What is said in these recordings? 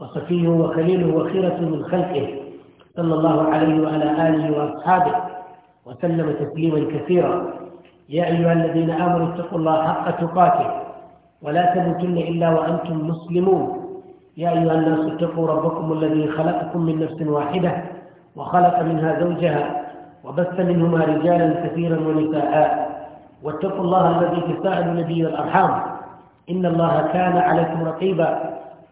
وصفيه وخليله وخيرة من خلقه صلى الله عليه وعلى آله وأصحابه وسلم تسليما كثيرا يا أيها الذين آمنوا اتقوا الله حق تقاته ولا تموتن إلا وأنتم مسلمون يا أيها الناس اتقوا ربكم الذي خلقكم من نفس واحدة وخلق منها زوجها وبث منهما رجالا كثيرا ونساء واتقوا الله الذي تساءل نبي الأرحام إن الله كان عليكم رقيبا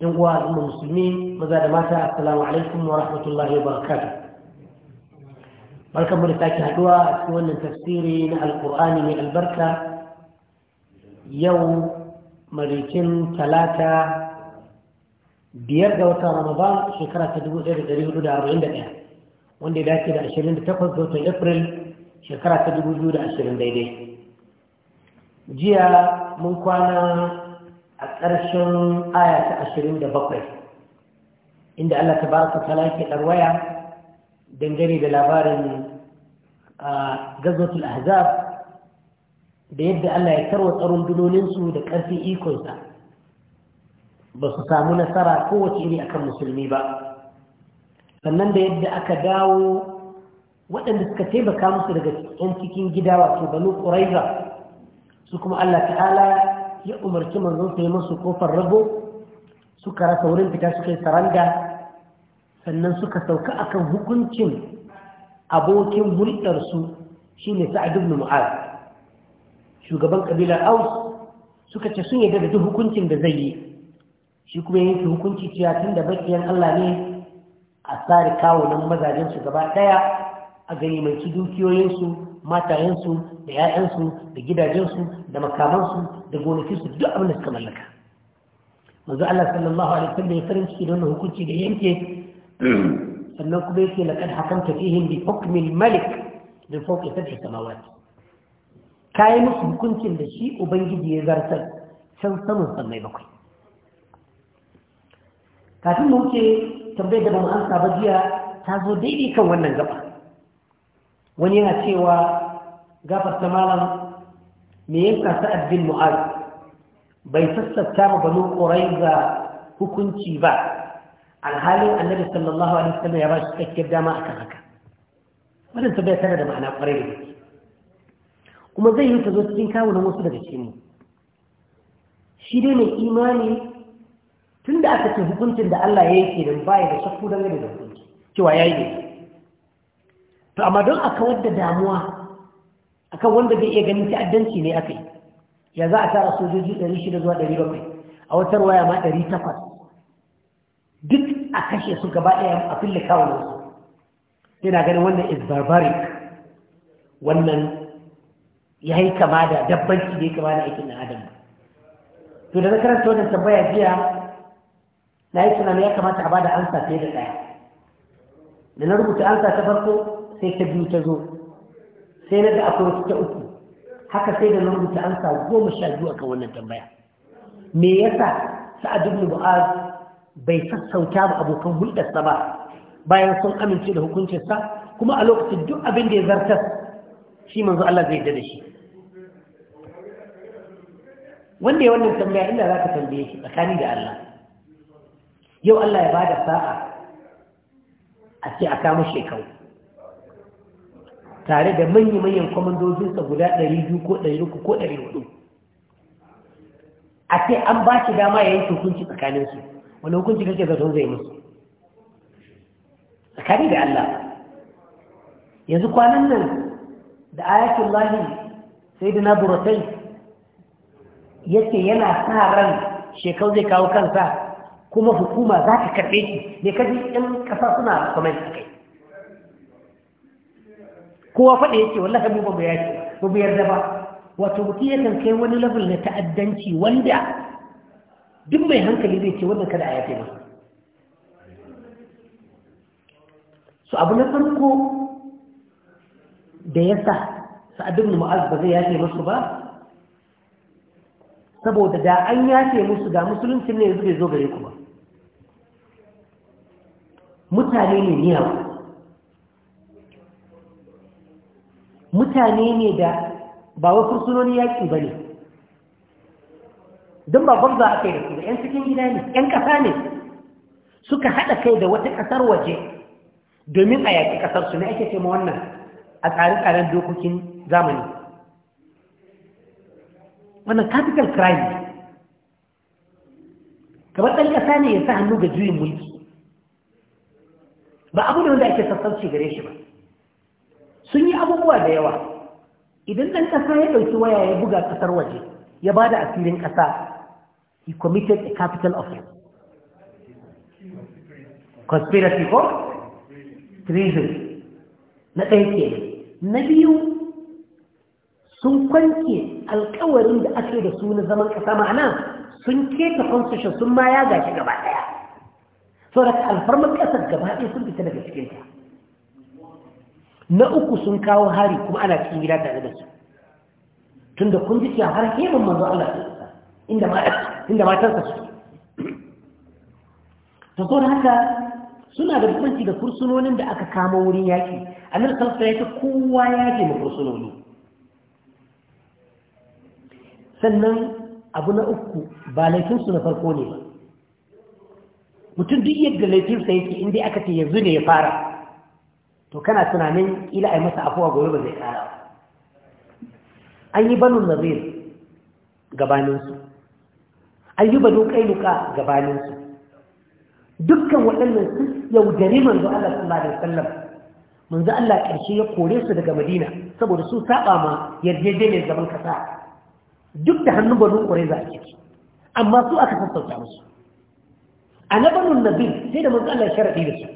yan uwa al'ummar musulmi maza da mata assalamu alaikum wa rahmatullahi wa barakatuh barkanmu da sake haduwa a cikin wannan tafsiri na alkur'ani mai albarka yau marikin talata biyar ga wata ramadan shekara ta 1441 wanda ya dace da 28 da watan april shekara ta 2020 daidai jiya mun kwana a ƙarshen aya ta ashirin da bakwai inda Allah ta baraka ta lafi ɗarwaya dangane da labarin gazotul ahzab da yadda Allah ya tarwa tsaron dunoninsu da ƙarfin ikonsa ba su samu nasara kowace iri akan musulmi ba sannan da yadda aka dawo waɗanda suka taimaka musu daga 'yan cikin gida wato banu ƙuraiza su kuma Allah ta'ala ya umarci manzon sai musu kofar rago suka rasa wurin fita suka yi saranda sannan suka sauka akan hukuncin abokin hulɗarsu shine sa'ad ibn mu'az shugaban ƙabilar aus suka ce sun yarda da duk hukuncin da zai yi shi kuma yanke hukunci cewa tun da bakiyan Allah ne a tsari kawo nan mazajensu gaba ɗaya a ganimanci dukiyoyinsu matayensu da 'ya'yansu da gidajensu da makamansu da gonakinsu duk abin da suka mallaka manzo Allah sallallahu alaihi wasallam ya farin ciki da wannan hukunci da yanke sannan kuma yake laqad hakanta fihim bi hukmi al-malik min fawqi sab'i samawat kai musu hukuncin da shi ubangiji ya zartar can saman sammai bakwai kafin mu ke tambayar da ba mu ansa ba jiya ta zo daidai kan wannan gaba wani yana cewa gafar ta malam me yanka sa'ad bin mu'az bai sassabta ma banu ga hukunci ba alhalin annabi sallallahu alaihi wasallam ya ba shi cikakkiyar dama akan haka wannan tabbata tana da ma'ana ƙwarai da gaske kuma zai yi ta zo cikin kawunan wasu daga cikin mu shi dai mai imani tun da aka ce hukuncin da Allah ya yake da baya da shakku dangane da hukunci cewa ya yi to amma don aka wadda damuwa akan wanda zai iya ganin ta'addanci ne aka yi ya za a tara sojoji 600 zuwa 700 a watar waya ma 800 duk a kashe su gaba ɗaya a fille kawunansu yana ganin wannan is barbaric wannan ya yi kama da dabbanci da ya kama da aikin adam to da na karanta wannan tambaya jiya na yi tunanin ya kamata a bada ansa fiye da ɗaya da na rubuta ansa ta farko sai ta biyu ta zo sai na da akwai wasu ta uku haka sai da na rubuta an goma sha biyu akan wannan tambaya me yasa sa'ad ibn mu'az bai sassauta ba abokan hulɗarsa ba bayan sun amince da hukuncinsa kuma a lokacin duk abin da ya zartas shi manzo Allah zai da shi wanda ya wannan tambaya inda za ka tambaye shi tsakani da Allah yau Allah ya ba da sa'a a ce a kama shekau tare da manya-manyan kwamandojinsa guda 200 ko 300 ko 400 a sai an ba shi dama ya yi hukunci tsakaninsu wani hukunci kake zaton zai musu tsakani da Allah yanzu kwanan nan da ayatun lahi sai da na yake yana sa ran shekau zai kawo kansa kuma hukuma za ta karbe shi ne kaji 'yan ƙasa suna kwamenti kai kowa faɗa yake wallahi mu ba mu yaki ba yarda ba wato mutum yakan kai wani level na ta'addanci wanda duk mai hankali zai ce wannan kada a yafe ba. su abu na farko da ya sa sa'adun ma'az ba zai yafe masu ba saboda da an yafe musu da musulunci ne zai zo gare ku ba mutane ne niyawa mutane ne da ba wa fursunoni yaƙi ba ne don ba gwamza a kai da su da 'yan cikin gida ne 'yan ƙasa ne suka haɗa kai da wata ƙasar waje domin a yaƙi ƙasarsu na ake ce wannan a tsare-tsaren dokokin zamani wannan capital crime kamar ɗan ƙasa ne ya sa hannu ga juyin mulki ba abu ne wanda ake sassauci gare shi ba sun yi abubuwa da yawa idan ɗan ƙasa ya ɗauki waya ya buga ƙasar waje ya ba da asirin ƙasa he committed a capital offense conspiracy ko treason na ɗaya ke na biyu sun kwanke alkawarin da ake da su na zaman ƙasa ma'ana sun keta constitution sun ma ya gashi gaba ɗaya sau da alfarmar ƙasar gaba ɗaya sun fita daga cikinta na uku sun kawo hari kuma ana cikin gida tare da su tunda kun ji cewa har heman manzo Allah inda ma inda matarsa su to haka suna da bambanci da kursunonin da aka kama wurin yaki annabi sallallahu alaihi wasallam kowa ya ce mu kursunoni sannan abu na uku ba laifinsu na farko ne ba mutum duk yadda laifinsa yake inda aka ce yanzu ne ya fara to kana tunanin ila a yi masa afuwa gobe ba zai kara an yi banu nazir gabaninsu an yi banu kailuka gabaninsu dukkan waɗannan sun yaudari manzo Allah sallallahu alaihi wasallam manzo Allah ƙarshe ya kore su daga Madina saboda su saba ma yarjejeniyar zaman kasa duk da hannun banu Qurayza a ciki amma su aka sassauta musu a na banu Nabil sai da manzo Allah sharadi da su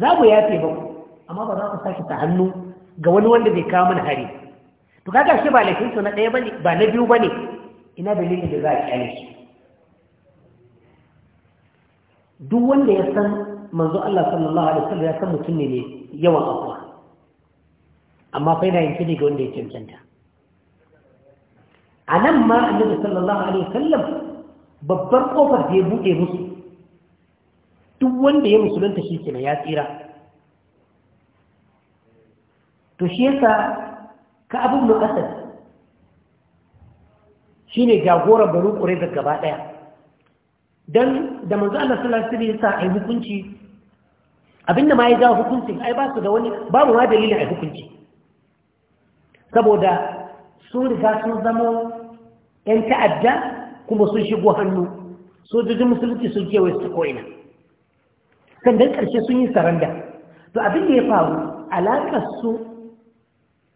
za mu yafe ba ku amma ba za ku sake ta hannu ga wani wanda bai kawo mana hari to kaga shi ba laifin su na ɗaya bane ba na biyu bane ina dalilin da za a kyale shi duk wanda ya san manzo Allah sallallahu alaihi wasallam ya san mutum ne yawan afuwa amma fa yana yanke ne ga wanda ya cancanta a nan ma annabi sallallahu alaihi wasallam babbar kofar da ya buɗe musu duk wanda ya musulunta shi kenan ya tsira to shi yasa ka abin kasar shi ne jagoran banu ƙure da gaba ɗaya don da manzo Allah sallallahu alaihi yasa ai hukunci abinda ma ya jawo hukunci, ai ba su da wani babu ma dalilin ai hukunci saboda sun riga sun zama ‘yan ta'adda kuma sun shigo hannu sojojin musulunci sun kewaye su ko'ina sandan ƙarshe sun yi saranda to abin da ya faru alaƙar su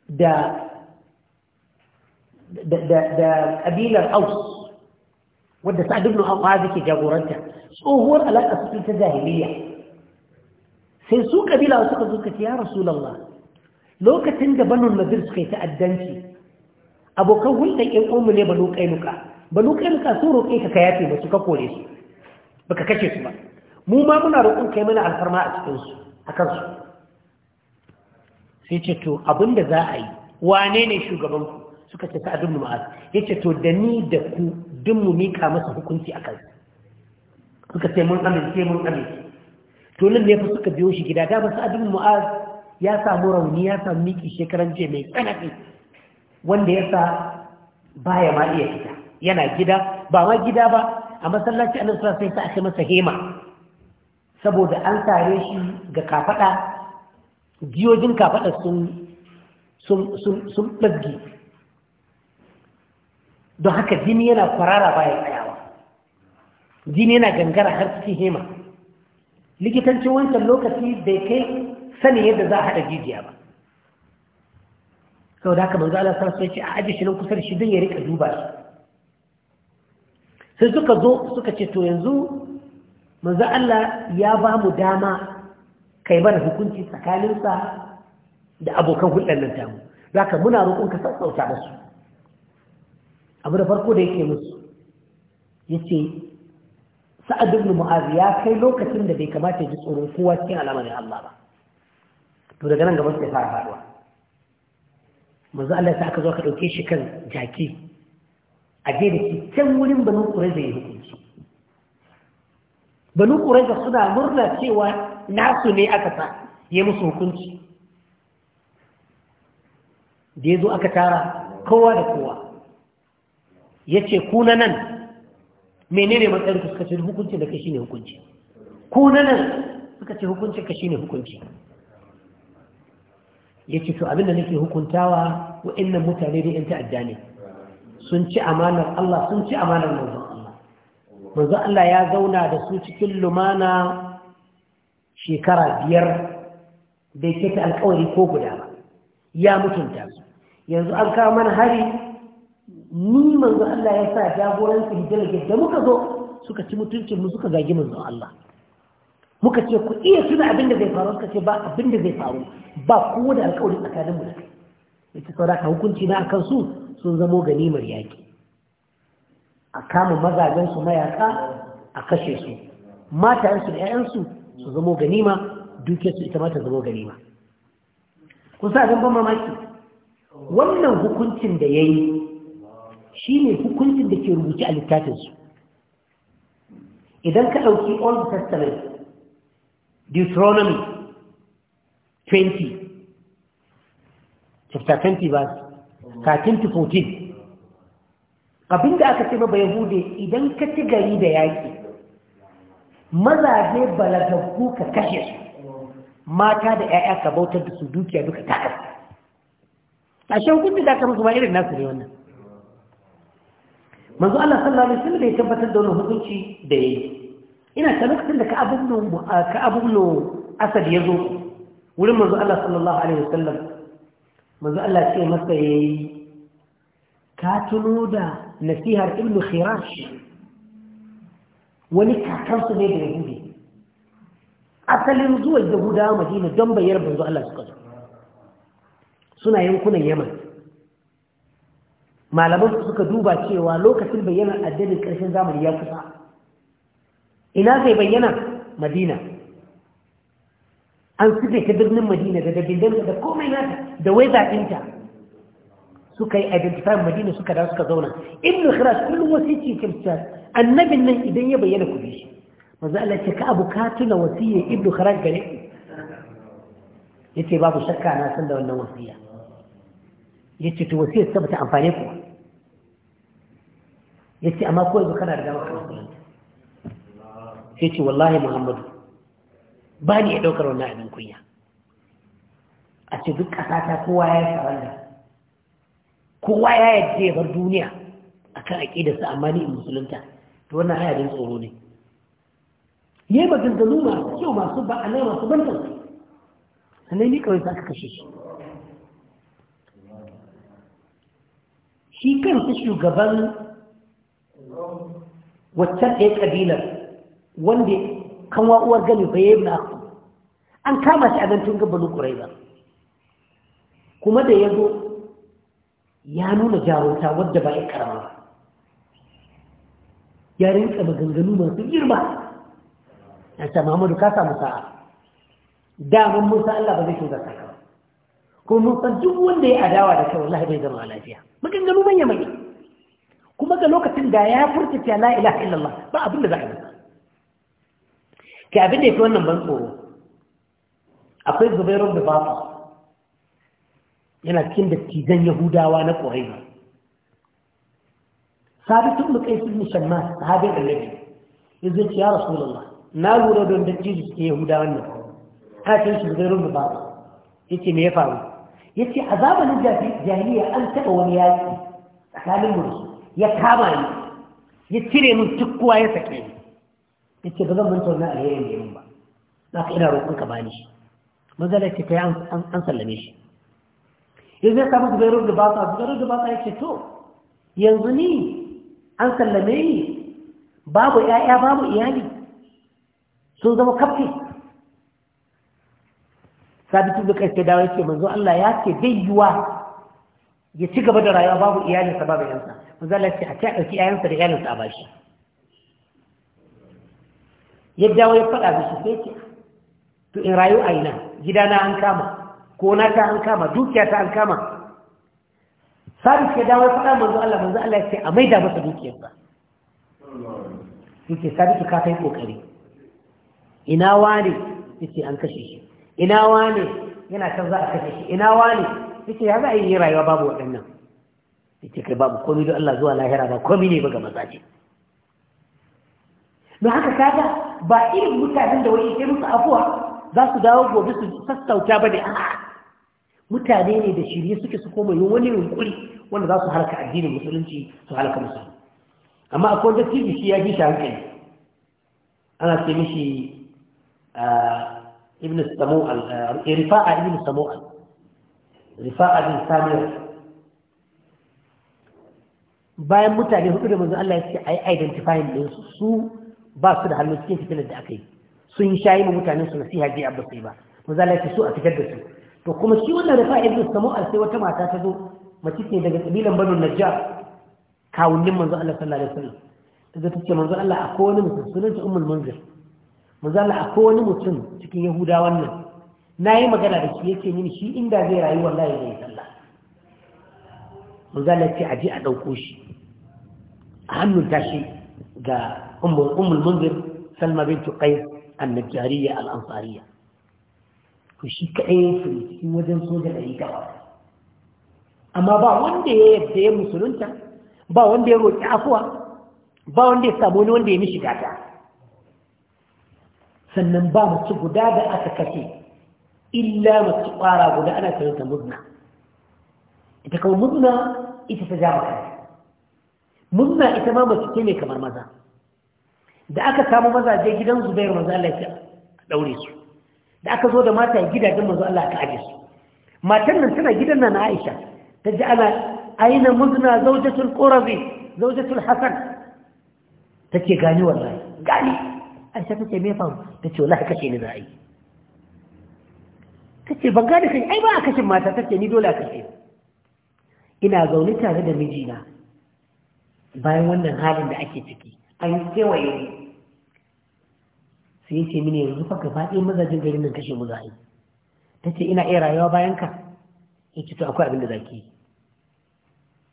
da ƙabilar aus wadda sa'ad ibn awaz ke jagoranta tsohuwar alaƙa suke ta jahiliya sai su ƙabila suka zo kace ya rasulullah lokacin da banu nadir suka yi ta'addanci abokan hulɗar ƴan umu ne banu kainuka banu kainuka sun roƙe ka ka yafe su ka kore su baka kashe su ba mu ma muna roƙon kai mana alfarma a a kansu sai ce to abinda za a yi wane ne shugaban ku suka ce sa'ad ibn ya yace to da ni da ku duk mu mika masa hukunci akan suka ce mun amince mun amince to nan ne fa suka biyo shi gida da ba sa'ad ibn ya samu rauni ya samu miki shekaran je mai tsanani wanda ya sa baya ma iya fita yana gida ba ma gida ba a masallaci annabi sallallahu alaihi wasallam sai sa kai masa hema saboda an tare shi ga kafada giyojin kafaɗa sun ɗabge don haka jini yana kwarara bayan tsayawa jini yana gangara har cikin hema Likitanci wancan lokaci bai kai sani yadda za a haɗa jijiya ba sau da haka manzo ala sa ya ce a ajiye shirin kusa da shi don ya rika duba shi sai suka zo suka ce to yanzu manzo Allah ya ba mu dama kai mana hukunci tsakaninsa da abokan hulɗar nan tamu za ka muna roƙon ka sassauta su. abu da farko da yake musu ya ce sa'ad ibn ya kai lokacin da bai kamata ya ji tsoron kowa cikin al'amarin Allah ba to daga nan gaba sai fara faruwa manzo Allah sai aka zo ka dauke shi kan jaki a je da shi wurin banu qurayza yi hukunci banu suna murna cewa nasu ne aka sa ya musu hukunci da ya zo aka tara kowa da kowa ya ce kuna nan menene matsayin suka ce hukuncin da ka shi ne hukunci kuna nan suka ce hukuncin ka shi ne hukunci ya ce to abinda nake hukuntawa wa'annan mutane da 'yan ta'adda ne sun ci amanar Allah sun ci amanar manzon Allah manzon Allah ya zauna da su cikin lumana shekara biyar ke ta alkawari ko guda ba ya mutunta su yanzu an kawo mana hari ni manzo Allah ya sa jagoransu hijirar da muka zo suka ci mutuncin mu suka zagi manzo Allah muka ce ku iya tuna abin da zai faru suka ce ba abin da zai faru ba ku da alkawari tsakanin mu da kai ita hukunci na akan su sun zamo ganimar yaki a kama mazajensu su mayaka a kashe su matayen da 'ya'yansu su zamo ganima dukiyar su ita ma ta zamo ganima kun sa ban mamaki wannan hukuncin da ya yi shi ne hukuncin da ke rubuce a littafinsu idan ka ɗauki old testament deuteronomy 20 chapter 20 verse 13 to 14 abinda aka ce ba yahude idan ka ci gari da yaƙi mazaje balagaggu ka kashe su mata da 'ya'ya ka bautar da su dukiya duka takas a shan kudu da aka musu ba irin nasu ne wannan manzo Allah sallallahu alaihi wasallam ya tabbatar da wani hukunci da yayi ina ta lokacin da Ka'ab ibn Ka'ab ibn Asad ya zo wurin manzo Allah sallallahu alaihi wasallam manzo Allah ce masa yayi ka tuno da nasihar ibn Khirash wani kakansu ne da yahudi asalin zuwa Yahuda, madina don bayar banzu Allah suka zo suna yankunan yaman malaman suka duba cewa lokacin bayyana addinin ƙarshen zamani ya kusa ina zai bayyana madina an suke ta birnin madina da dabindin da komai nata da wai zaɓinta suka yi identifiyar madina suka da suka zauna ibn khirash kullum wasu cikin annabin nan idan ya bayyana ku bi shi manzo Allah ce ka abu ka tuna wasiyar ibnu kharaj gare yace babu shakka na san da wannan wasiyya yace to wasiyar sa bata amfane ku yace amma ko yanzu kana riga maka musulunci sai ce wallahi muhammadu ba ni ya daukar wannan abin kunya a ce duk ƙasa ta kowa ya saranda kowa ya yadda ya bar duniya akan aƙidarsa amma ni in musulunta to wannan din tsoro ne yi maganganu masu kyau masu ba'anai masu banta sannan ni kawai za ka kashe shi shi su shugaban waccan ɗaya ƙabilar wanda kan wa'uwar gani bayan na an kama shi a nan tun gabanin ƙurai ba kuma da ya zo ya nuna jarumta wadda ba ya karama ba ya rinka maganganu masu girma an sa muhammadu ka samu sa'a daman musa Allah ba zai shi ka ba Kuma Musa duk wanda ya adawa da kawai lahi bai zama lafiya maganganu manya mai kuma ga lokacin da ya furta cewa la ilaha illallah ba abin da za a yi ke abin da fi wannan ban tsoro akwai zubairun da bafa yana cikin dattijan yahudawa na ba ثابت بن قيس بن شماس صحابي النبي يزيد يا رسول الله نالوا لو دون دجيج يهودا wannan haka shi zai rubu ba yace me ya faru yace azaban jahiliya an taba wani yaki tsakanin mu ya kama ni ya cire min tukkuwa ya sake yace ba zan manta wannan alheri ne ba zaka ina roƙon ka bani shi manzala ce kai an sallame shi yanzu ya samu zubairu da ba sa zubairu da ba sa yace to yanzu ni an sallame ni babu ‘ya'ya babu iyali sun zama kafe sabitu da kai dawo yake manzo Allah ya ce bai yiwa ya ci gaba da rayuwa babu iyalinsa babu yansa manzo Allah ce a ce ɗauki ‘ya'yansa da iyalinsa a bashi ya dawo ya faɗa da shi sai ce to in rayu a ina gidana an kama ko na ta an kama dukiya ta an kama sabis ya dawo faɗa manzo Allah manzo Allah ya ce a maida masa dukiyar ba yake sabisu ka kai kokari ina wani? yace an kashe shi ina wani? yana kan za a kashe shi ina wani? yace ya za a yi rayuwa babu waɗannan yace kai babu komai da Allah zuwa lahira ba komai ne ba ga maza ce don haka kaga ba irin mutanen da wani ke musu afuwa za su dawo gobe su sassauta ba ne a'a mutane ne da shirye suke su koma yin wani yunkuri wanda za su halaka addinin musulunci su halaka musulunci amma akwai wanda tv shi ya bi shi hankali ana ce mishi ibn samu'al rifa'a ibn samu'al rifa'a bin samir bayan mutane hudu da manzo Allah ya ce ai identifying din su su ba su da hannu cikin fitinar da aka yi sun shayi ma mutanen su nasiha bi abba sai ba manzo Allah ya ce su a fitar da su to kuma shi wannan rafa ibn samu'ar sai wata mata ta zo mace ce daga kabilan banu najjar kawunnin manzo Allah sallallahu alaihi wasallam ta ce manzo Allah akwai wani mutum sunanta ummul munzir manzo Allah akwai wani mutum cikin yahudawan nan nayi magana da shi yace mini shi inda zai rayu wallahi zai sallah manzo Allah ce aje a dauko shi a hannun tashi ga ummul ummul munzir salma bint qais an-najjariyya al-ansariyya to shi kaɗai ya ne cikin wajen soja da yi gaba amma ba wanda ya yadda ya musulunta ba wanda ya roƙi afuwa ba wanda ya samu wani wanda ya mishi gata sannan ba mace guda da aka kashe illa mace ƙwara guda ana kiranta muzna ita kawai muzna ita ta ja maka muzna ita ma mace ce ne kamar maza da aka samu mazaje gidan zubairu maza Allah ya daure su da aka zo da matan gidajen manzo Allah ka aje su matan nan tana gidan nan Aisha ta ji ana aina muzna zawjatul qurabi zawjatul hasan take gani wallahi gani Aisha take me fa tace wallahi kace ni za'i kace ban gane kai ai ba a kashin mata take ni dole a kashe ina zaune tare da mijina bayan wannan halin da ake ciki an kewaye sai ce mini yanzu fa faɗi ɗaya mazajin garin nan kashe mu za yi ta ce ina iya rayuwa bayan ka ya ce to akwai abin da za ki yi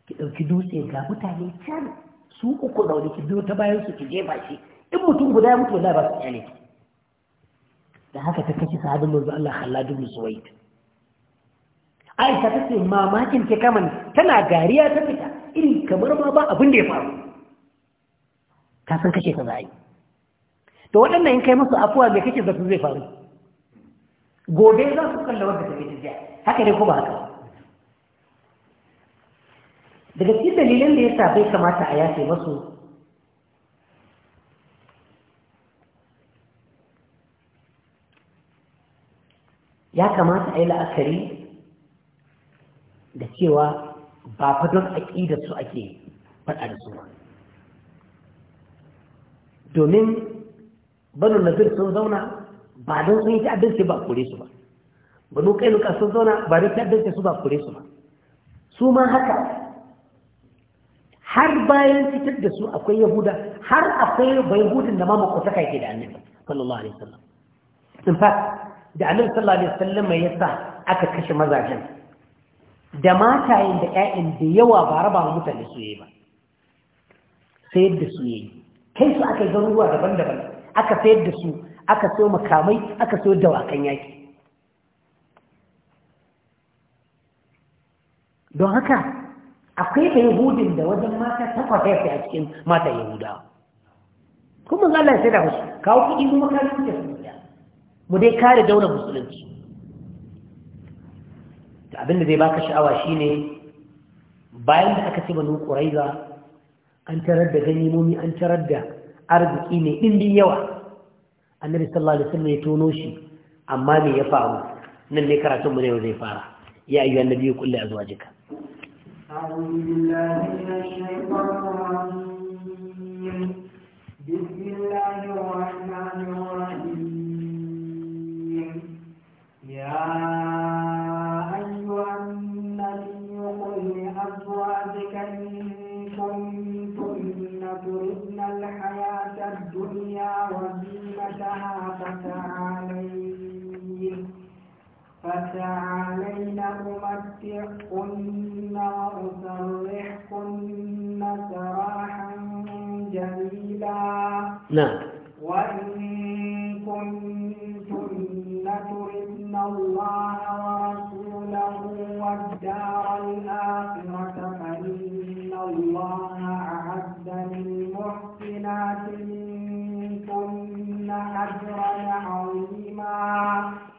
ki ɗauki dutse ga mutane can su uku da wani ki biyo ta bayan su ki jefa shi in mutum guda ya mutu wallahi ba su ne. da haka ta kashe sahabin manzo Allah Khallad bin Suwaid Aisha ta ce mamakin ke kaman tana gariya ta fita iri kamar ma ba abin da ya faru ka san kashe ta za yi to waɗannan in kai masu afuwa mai kake zafi zai faru gobe za su kalla wanda take tafiya haka ne kuma haka daga cikin dalilin da ya sa bai kamata a yafe masu ya kamata a yi la'akari da cewa ba fa don aƙidar su ake faɗa da su ba domin banu nazir sun zauna ba don sun yi ta'addanci ba kure su ba banu kainuka sun zauna ba don ta'addanci su ba kure su ba su ma haka har bayan fitar da su akwai yahuda har akwai bayahudin da ma makwataka yake da annabi sallallahu alaihi wasallam in fact da annabi sallallahu alaihi wasallam mai yasa aka kashe mazajen da matayen da ƴaƴan da yawa ba raba mutane su yi ba sai da su yi kai su aka yi garuruwa daban-daban aka sayar da su aka sayo makamai aka sayo dawakan yaƙi don haka akwai da yahudin da wajen mata ta ya fi a cikin mata yahuda kuma za Allah ya da wasu kawo kuɗi kuma kare su da mu dai kare daular musulunci da abin da zai baka sha'awa shine bayan da aka ce banu ƙuraiza an tarar da ganimomi an tarar da arziki ne ɗimbin yawa annabi sallallahu alaihi wasallam ya tono shi amma me ya faru nan ne karatun mu ne yau zai fara ya ayyu annabi qul azwajika أعوذ بالله من الشيطان الرجيم بسم الله الرحمن متعكن وأسرحكن سراحا جميلا نعم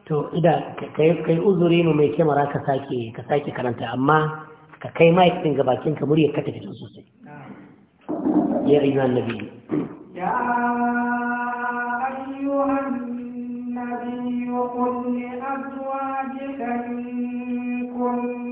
to ida kai uzuri mu mai kyamara ka sake ka sake karanta amma ka kai mic din ga bakin ka murya ka tafi sosai ya ayyuha annabi ya ayyuha annabi qul li azwajika in kuntum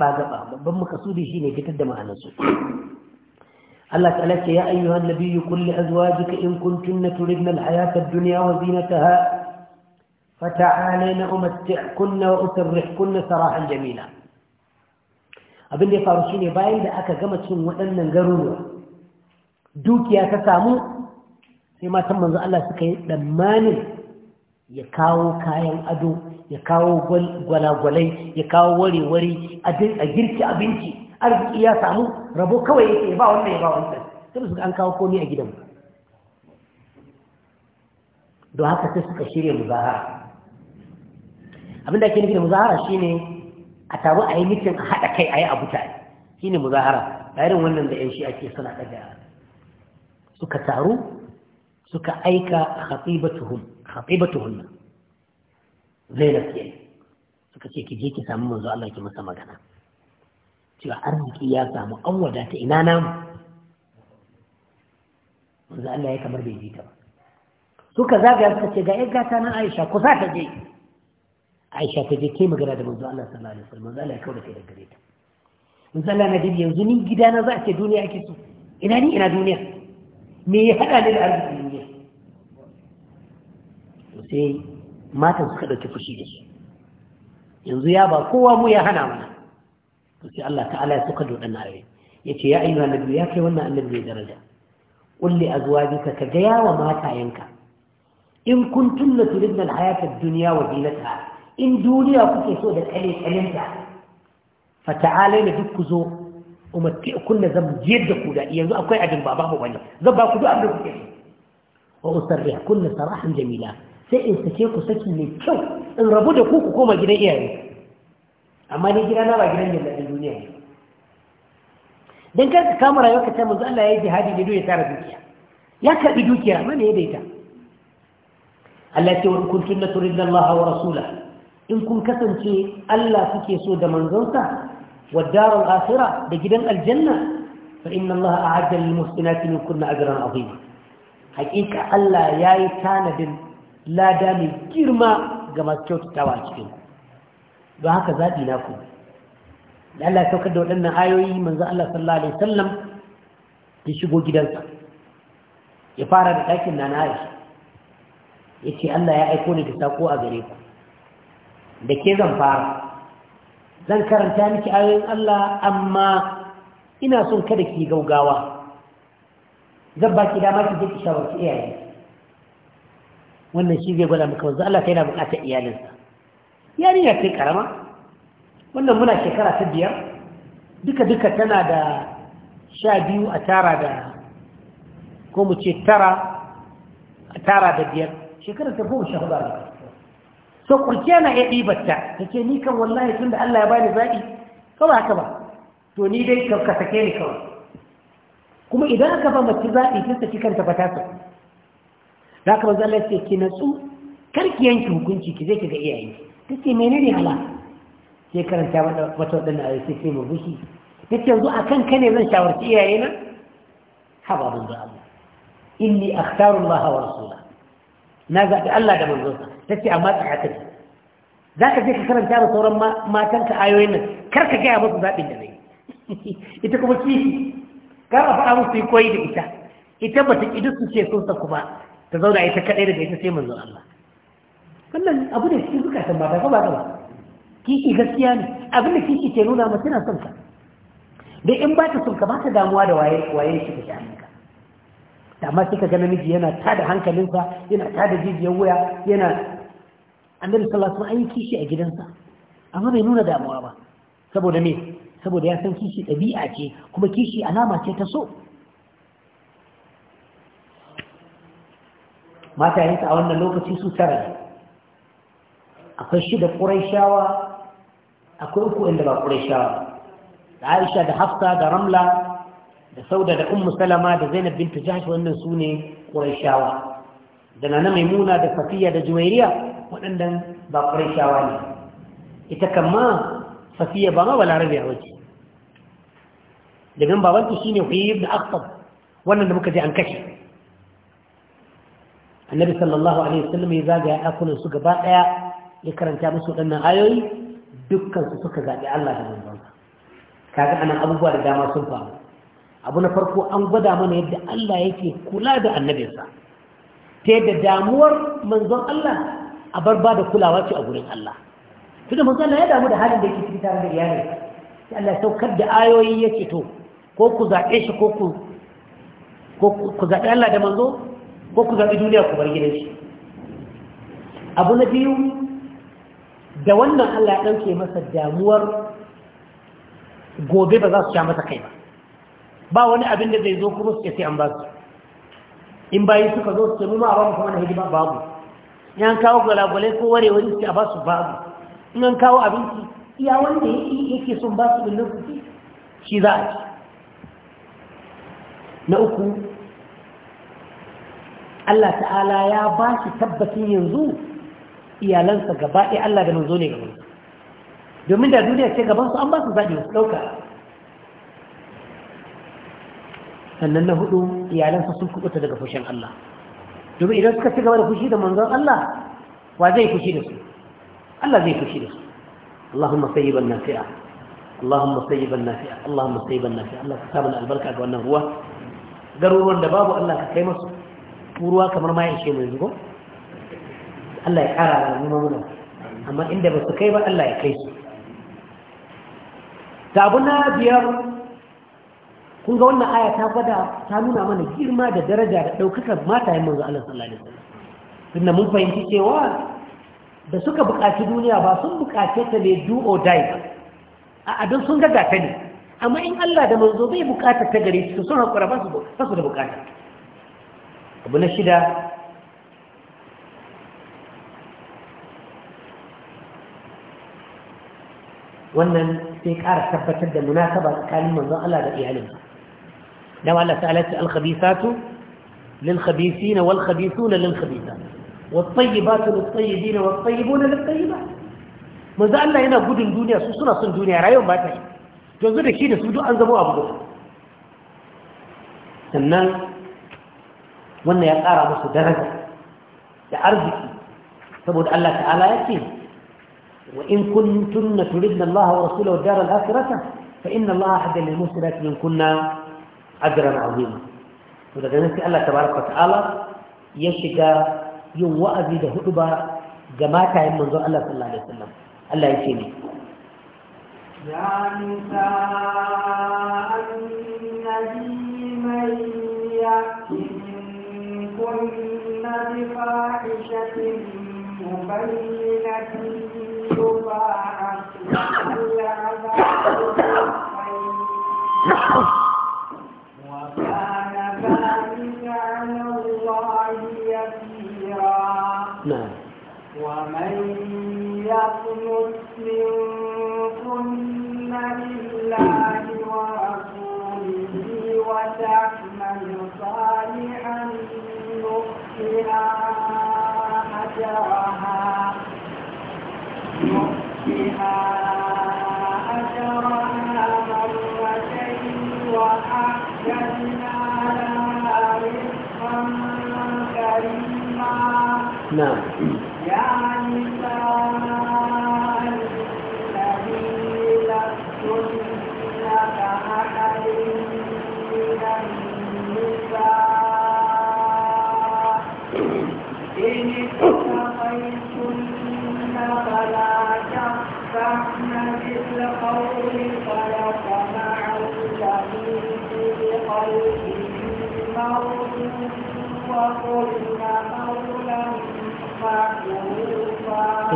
gaba babban makasudi shine fitar da ma'anansu. Allah ta'ala ce ya ayyuhan nabiyyu qul li azwajika in kuntunna turidna al-hayata ad-dunya wa zinataha fata'alayna umatti'kunna wa usarrihkunna sarahan jamila abin da ya faru shine bayan da aka gama cin waɗannan garuruwa dukiya ta samu sai matan manzu Allah suka yi tsammanin ya kawo kayan ado ya kawo gwalagwalai ya kawo warewari a girki abinci arziki ya samu rabo kawai yake ba wanda ya ba wanda sai su an kawo komi a gidanmu don haka sai suka shirya muzahara abinda ke nufin muzahara shine a taru a yi mitin a haɗa kai a yi abu tare shine muzahara a wannan da yanshi ake suna ɗaga suka taru suka aika a khatibatuhum khatibatuhun Zainab ke suka ce ki je ki samu manzo Allah ki masa magana cewa arziki ya samu an wadata ina namu manzo Allah ya kamar bai ji ta ba suka zagaya suka ce ga yar ta nan Aisha ku za ta je Aisha ta je ke magana da manzo Allah sallallahu alaihi wasallam manzo Allah ya kauda ta da gare ta manzo Allah na dibi yanzu ni gidana za a ce duniya ake so ina ni ina duniya me ya hada ni da arziki sai matan suka ɗauki fushi da shi. yanzu ya ba kowa mu ya hana mana to sai Allah ta'ala ya suka dodan ayoyi yace ya ayyuha nabi ya kai wannan annabi mai daraja qul li azwajika ka wa mata matayenka in kun turidna al-hayata ad-dunya wa zinataha in duniya kuke so da kare kalenta fa ta'alaina duk ku zo umarti na zan jiyar da ku da yanzu akwai ajin baba mu wani zan ba ku duk abin da kuke so wa usarriha kunna sarahan jamila sai in sake ku saki mai kyau in rabu da ku ku koma gidan iyaye amma ni gida na ba gidan jalladin duniya ne don karka kama rayuwa ka ce manzo Allah ya yi jihadi ne ya tara dukiya ya karbi dukiya amma ne ya daita Allah ce kuntun in turin turidna Allah wa rasulahu in kun kasance Allah kuke so da manzonsa wa daral asira, da gidan aljanna fa inna Allah a'adda lil muhsinati a ajran aure. hakika Allah yayi tanadin lada mai girma ga masu kyautatawa a cikin don haka zaɓi na ku da Allah ya saukar da waɗannan ayoyi manzo Allah sallallahu alaihi wasallam ya shigo gidansa ya fara da ɗakin na na ya ce Allah ya aiko ni da sako a gare ku da ke zan fara zan karanta miki ayoyin Allah amma ina son kada ki gaugawa zan baki dama ki je ki shawarci iyaye wannan shi zai gwada maka wanzu Allah ta yana buƙatar iyalinsa yarinya ce karama wannan muna shekara ta biyar duka duka tana da sha biyu a tara da ko mu ce tara a tara da biyar shekara ta goma sha hudu a so kurciya na iya ɗibarta ta ce ni kan wallahi tun da Allah ya bani zaɓi kawai haka ba to ni dai ka sake ni kawai kuma idan aka ba mace zaɓi ta saki kanta ba ta za ka manzo Allah ce ki natsu karki yanki hukunci ki je ki ga iyayenki tace menene hala sai karanta wata wadannan ayoyi sai sai mu bushi ce yanzu akan ka ne zan shawarci iyayena haba manzo Allah inni akhtaru Allah wa rasula na zaɓi Allah da manzo ce amma tsaka ce za ka je ka karanta da sauran matanka ayoyin nan kar ka gaya musu zaɓin da zai ita kuma kishi kar a faɗa musu yi koyi da ita ita ba ta ƙi duk su ce sun saku ba ta zauna ita kadai daga ita sai manzo Allah wannan abu ne cikin zukatan ba ta ba ba kiki gaskiya ne abin da kiki ke nuna mutum yana son ka da in ba ta son ka ba ta damuwa da waye waye shi da ka da amma kika ga namiji yana tada hankalinsa yana tada jijiyar wuya yana annabi sallallahu alaihi wasallam kishi a gidansa amma bai nuna damuwa ba saboda me saboda ya san kishi ɗabi'a ce kuma kishi alama ce ta so Mata matayensa a wannan lokaci su tara ne akwai shida ƙuraishawa akwai uku inda ba ƙuraishawa da aisha da hafsa da ramla da sauda da ummu salama da zainab binta jahsh wannan su ne ƙuraishawa da nana maimuna da safiya da juwairiya waɗannan ba ƙuraishawa ne ita kama safiya ba ma balarabiya wace domin babanta shine huyib da aksab wannan da muka je an kashe annabi sallallahu alaihi wasallam ya zagaya dakunan su gaba ɗaya ya karanta musu waɗannan ayoyi dukkan su suka zaɓi Allah da manzonsa kaga anan abubuwa da dama sun faru abu na farko an gwada mana yadda Allah yake kula da annabinsa ta yadda damuwar manzon Allah a bar ba da kulawa ce a gurin Allah tunda manzon Allah ya damu da halin da yake cikin tare da iyali sai Allah ya saukar da ayoyi yake to ko ku zaɓe shi ko ku ko ku zaɓi Allah da manzo ko ku zaɓi duniya ku bar gidan shi abu na biyu da wannan Allah ya ɗauke masa damuwar gobe ba za su sha masa kai ba ba wani abin da zai zo kuma su sai an ba su in bayi suka zo su ce mu a ba mu kuma na hidima babu in an kawo gwalagwale ko ware wani su a ba su babu in an kawo abinci iya wanda yake son ba su ɗin nan shi za a ci na uku Allah ta'ala ya ba shi tabbacin yanzu iyalansa gaba ɗaya Allah da manzo ne gaban su domin da duniya ce gaban su an ba su zaɓi su ɗauka sannan na hudu iyalansa sun kubuta daga fushin Allah domin idan suka ci gaba da fushi da manzon Allah wa zai fushi da su Allah zai fushi da su Allahumma sayyiban nafi'a Allahumma sayyiban nafi'a Allahumma sayyiban nafi'a Allah ka sa mana albarka ga wannan ruwa garuruwan da babu Allah ka kai masu turuwa kamar ma ya ishe mai zuwa Allah ya kara da nuna muna amma inda ba su kai ba Allah ya kai su ta abu na biyar kun ga wannan aya ta fada ta nuna mana girma da daraja da ɗaukakar yin manzo Allah sallallahu alaihi wasallam tunda mun fahimci cewa da suka buƙaci duniya ba sun buƙace ta ne do or die ba a don sun gaga ta ne amma in Allah da manzo bai buƙata ta gare su sun haƙura ba su da buƙata abu na shida wannan sai ƙara tabbatar da munasaba tsakanin manzon Allah da iyalinsa dan Allah ta'ala ce al-khabisatu lil-khabisina wal-khabisuna lil-khabisat wat-tayyibatu lit-tayyibina wat-tayyibuna lit-tayyibat manzon Allah yana gudun duniya su suna son duniya rayuwar ba ta yi yanzu da shi da su duk an zama abu guda sannan wannan ya ƙara musu daraja da arziki saboda Allah ta'ala ya ce wa in kuntunna turidna Allah wa rasulahu dar al-akhirata fa inna Allah hadda lil muslimat min kunna ajran azima to daga nan sai Allah tabaraka ta'ala ya shiga yin wa'azi da huduba ga matayen manzo Allah sallallahu alaihi wasallam Allah ya ce ni. ya nisa annabi man ya يأتين بفاحشة مبينة وكان ذلك على الله يسيرا نعم. ومن يقنط من 那。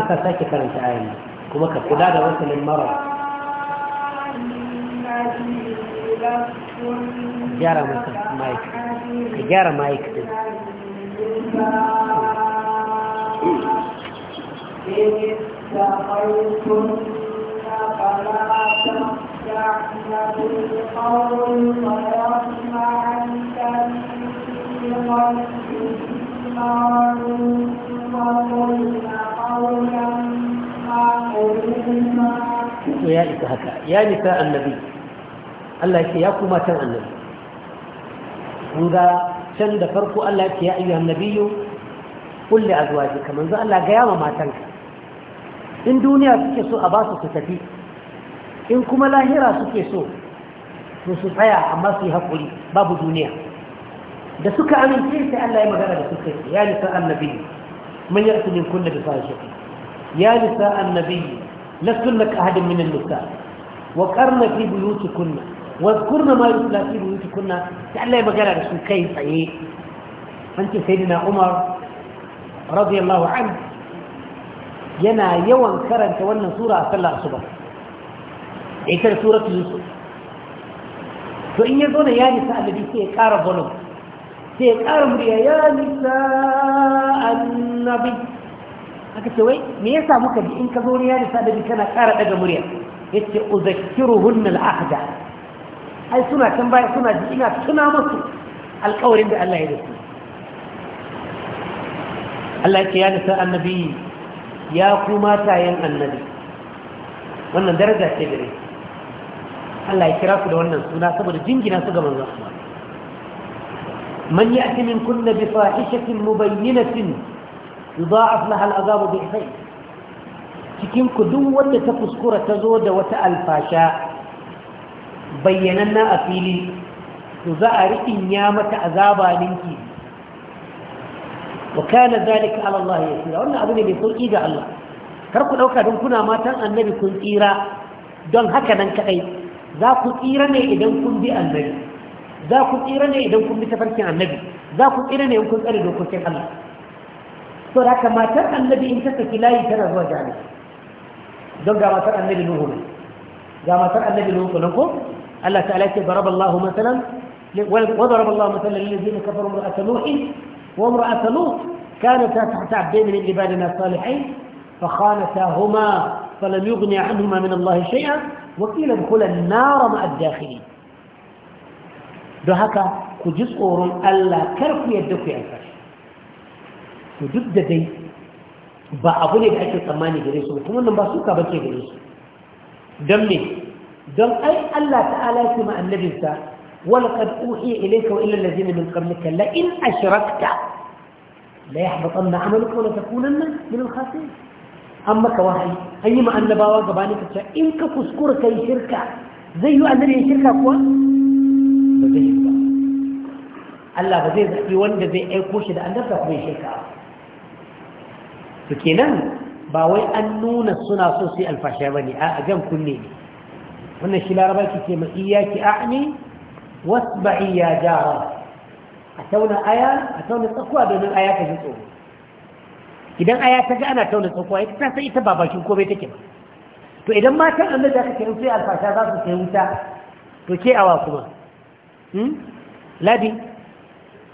ka sake karanta ayan kuma ka kula da wasalin mara gyara mike ka gyara mike din Thank you. ya isa haka ya nisa annabi Allah ya ce ya kuma can annabi kun ga can da farko Allah ya ce ya ayyuhan nabiyyu qul li azwajika manzo Allah ga yama matanka in duniya suke so a basu su tafi in kuma lahira suke so to su tsaya amma su yi hakuri babu duniya da suka amince sai Allah ya magana da suka ya nisa annabi من يأتي من كل بفاحشة يا نساء النبي لستن كأحد من النساء وقرن في بيوتكن واذكرن ما يتلى في بيوتكن تعالى مجال رسول كيف ايه أنت سيدنا عمر رضي الله عنه ينا يوم كرنت وانا سورة صلى الصبح إيه سورة يوسف فإن يظن يا نساء الذي سيقارب ولو سيد أمري يا نساء النبي أكتب وين مين سامك دي إنك زوري يا نساء النبي كنا كارت أجا مريا أذكرهن العهد أي سنة كم باي سنة دي إنا سنة مصر القول عند الله يدفع الله يتي يا نساء النبي يا قماتا ين النبي wannan daraja ce gare Allah ya kira ku da wannan suna saboda jingina من يأتي منكن بفاحشة مبينة يضاعف لها العذاب بحسين cikin ku duk wanda ta fuskura ta zo da wata alfasha bayyananna a fili to za a riƙin ya mata azaba ninki wa kana zalika ala Allah ya wannan abu ne mai sauki ga Allah kar ku ɗauka don kuna matan annabi kun tsira don haka nan kadai za ku tsira ne idan kun bi annabi za ku tsira ne idan kun bi tafarkin annabi za ku tsira ne in kun tsare dokokin Allah to da haka matar annabi in ta saki layi tana zuwa jami don ga matar annabi nuhu ne ga matar annabi nuhu ne ko Allah ta'ala ce daraba Allahu masalan wa daraba Allahu masalan lil ladina kafaru imra'at nuh wa imra'at lut كانتا تحت عبدين من عبادنا الصالحين فخانتاهما فلم يغني عنهما من الله شيئا وقيل ادخلا النار مع الداخلين don haka ku ji tsoron Allah kar ku yadda ku yanka shi to duk da dai ba abu ne da ake tsammani gare su kuma nan ba suka bace gare su don me don ai Allah ta'ala ya kuma ma annabinsa wal qad uhiya ilayka wa ila allazina min qablika la in ashrakta la yahbatanna 'amaluka wa la takunanna min al-khasirin amma ka wahayi an yi ma annabawa gabanin ka in ka kuskura kai shirka zai yi annabi shirka kuwa ba zai Allah ba zai zaɓi wanda zai aiko shi da annabta kuma ya shirka to kenan ba wai an nuna suna so su yi alfashe ba ne a jan kunne ne wannan shi laraba ki ce ma iyaki a'ani wasba'i ya jara a tauna aya a tauna tsakuwa domin aya ta ji tsoro idan aya ta ga ana tauna tsakuwa ita ta san ita ba bakin komai take ba to idan matan annabi aka kai sai alfasha za su kai wuta to ke awa kuma hmm? ladi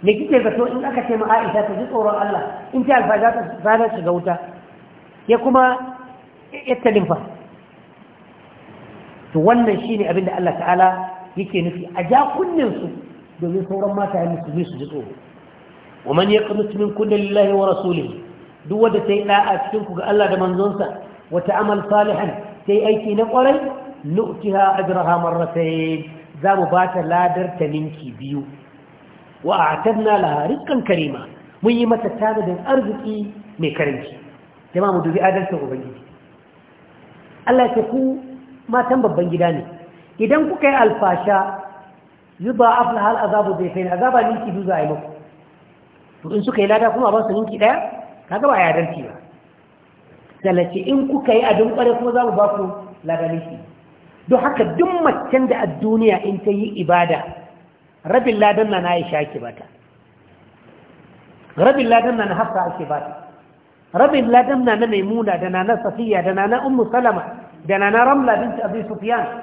me kike zato in aka ce ma Aisha ta ji tsoron Allah in ta alfaja ta zana shiga wuta ya kuma yatta limfa to wannan shine abin da Allah ta'ala yake nufi a ja kunnin su domin sauran mata ya musu su ji tsoro wa man yaqnut min kulli lillahi wa rasulihi duk wanda tayi da'a cikin ku ga Allah da manzonsa wa ta'amal salihan tayi aiki na kwarai nu'tiha ajraha marratayn za mu ba ta ladar ta ninki biyu wa a laha rizqan karima mun yi mata tanadin arziki mai karanci jama'a mu dubi adalcin ubangiji Allah ya ku matan babban gida ne idan kuka yi alfasha yuba afla hal azabu bai kai azaba ninki duza ai muku to in suka yi lada kuma ba su ninki daya kaga ba ya darki ba salace in kuka yi abin kware kuma za mu ba ku lada ninki don haka duk macen da a duniya in ta yi ibada rabin ladan na na aisha ake bata rabin ladan na na hafsa ake bata rabin ladan na na maimuna da na na safiya da na na ummu salama da na na ramla binti abi sufyan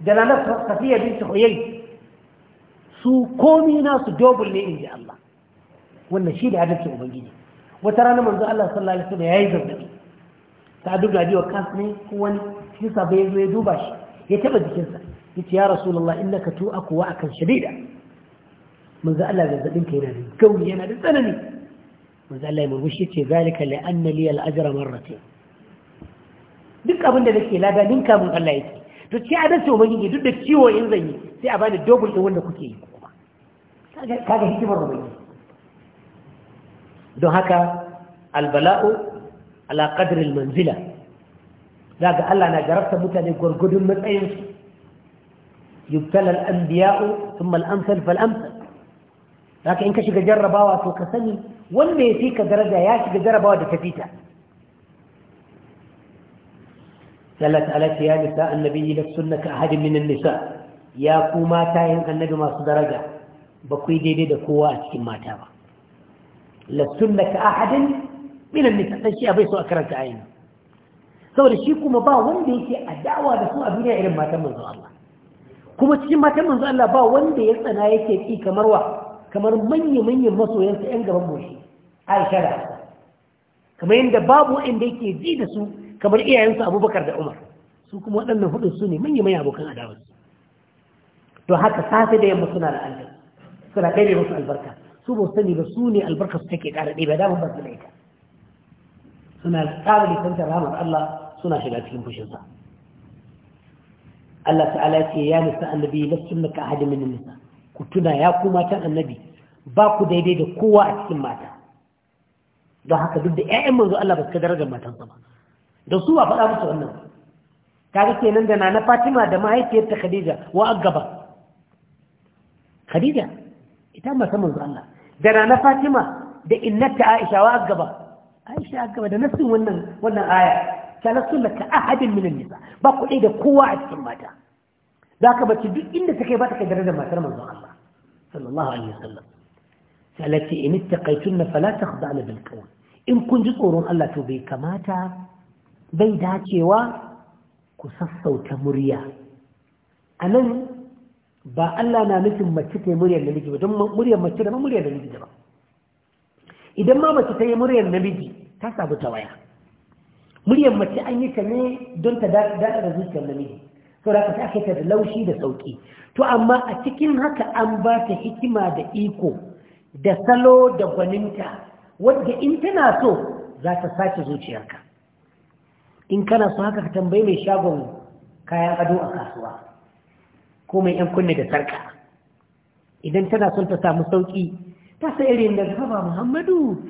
da na na safiya binti huyay su komi nasu dobul ne inji Allah wannan shi da adalcin ubangiji wata rana manzo Allah sallallahu alaihi wasallam yayi zazzabi ta duba biyo kas ne ko wani shi sa bai zo ya duba shi ya taba jikinsa yace ya rasulullah innaka tu aqwa akan shadida manzo Allah zazzabin ka yana da gauri yana da tsanani manzo Allah ya murmushi yace zalika li anna li al-ajra marratayn duk abin da nake lada ninka mun Allah yake to ce a dace ubangiji duk da ciwo in zan yi sai a bani double din wanda kuke yi kuma kaga hikimar ubangiji don haka albala'u ala qadri al-manzila zaga Allah na garabta mutane gurgudun matsayinsu yubtala al-anbiya'u thumma al-amsal fal-amsal haka in ka shiga jarrabawa to ka sani wanda ya fi ka daraja ya shiga jarrabawa da tafita Allah ta'ala ce ya nisa annabi la sunnaka ahadin minan nisa ya ku mata yin annabi masu daraja ba daidai da kowa a cikin mata ba la sunnaka ahadin minan nisa dan shi a karanta saboda shi kuma ba wanda yake dawa da su a duniya irin matan manzon Allah kuma cikin matan manzo Allah ba wanda ya tsana yake ki kamar wa kamar manyan manyan masoyansa ƴan gaban boshi, Aisha da kamar yadda babu wanda yake ji da su kamar iyayensu Abubakar da Umar su kuma waɗannan hudun su ne manyan manyan abokan adawarsu to haka safe da yamma suna da la'anta suna ɗaiɗe musu albarka su ba su sani ba su ne albarka su take ƙara ɗaiɗe da ba su da ita suna ƙara lisantar rahmar Allah suna shiga cikin fushinsa Allah ta'ala ce ya nisa annabi lassun naka ahadi min nisa ku tuna ya ku matan annabi ba ku daidai da kowa a cikin mata don haka duk da ƴaƴan manzo Allah ba su darajar matan ba da su ba faɗa musu wannan kaga kenan da na Fatima da mahaifiyarta Khadija wa agaba Khadija ita ma mata manzo Allah da na Fatima da innata Aisha wa agaba Aisha agaba da nasin wannan wannan aya talasul laka ahadin min nisa ba ku da kowa a cikin mata da ka bace duk inda ta kai ba ta kai darajar matar manzon Allah sallallahu alaihi wasallam sai Allah ce in ittaqaytunna fala takhda'na bil qawl in kun ji tsoron Allah to bai kamata bai dacewa ku sassauta murya anan ba Allah na nufin mace ta yi muryar namiji ba don muryar mace da muryar namiji da ba idan ma mace ta yi muryar namiji ta sabu ta waya muryar mace an yi ta ne don ta daɗa da zuciyar namiji sau da ka ake ta da laushi da sauki to amma a cikin haka an ba ta hikima da iko da salo da gwaninta wadda in tana so za ta sace zuciyarka in kana so haka ka tambayi mai shagon kayan ado a kasuwa ko mai yan kunne da sarka idan tana son ta samu sauƙi ta sayar irin da haba muhammadu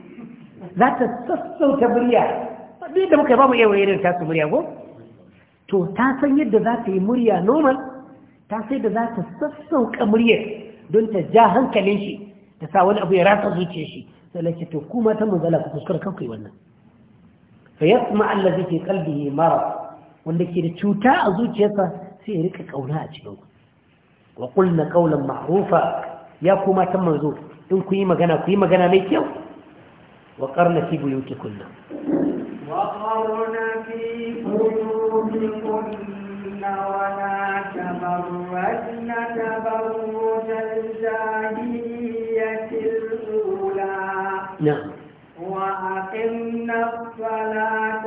za ta sassauta murya duk da muka yi ba mu iya irin tasu murya ko to ta san yadda za ta yi murya normal ta sai da za ta sassauka muryar don ta ja hankalin shi ta sa wani abu ya rasa zuciya shi sai lake to kuma ta manzala ku kuskar kanku wannan fa yasma allazi fi qalbihi mara, wanda ke da cuta a zuciyarsa sai ya rika kauna a cikin ku wa qulna qawlan ma'rufa ya kuma ta manzo in ku yi magana ku yi magana mai kyau wa qarna fi buyutikunna wa qarna fi يبدكن ولا تبرجن تبرج الجاهلية الأولى نعم وأقمنا الصلاة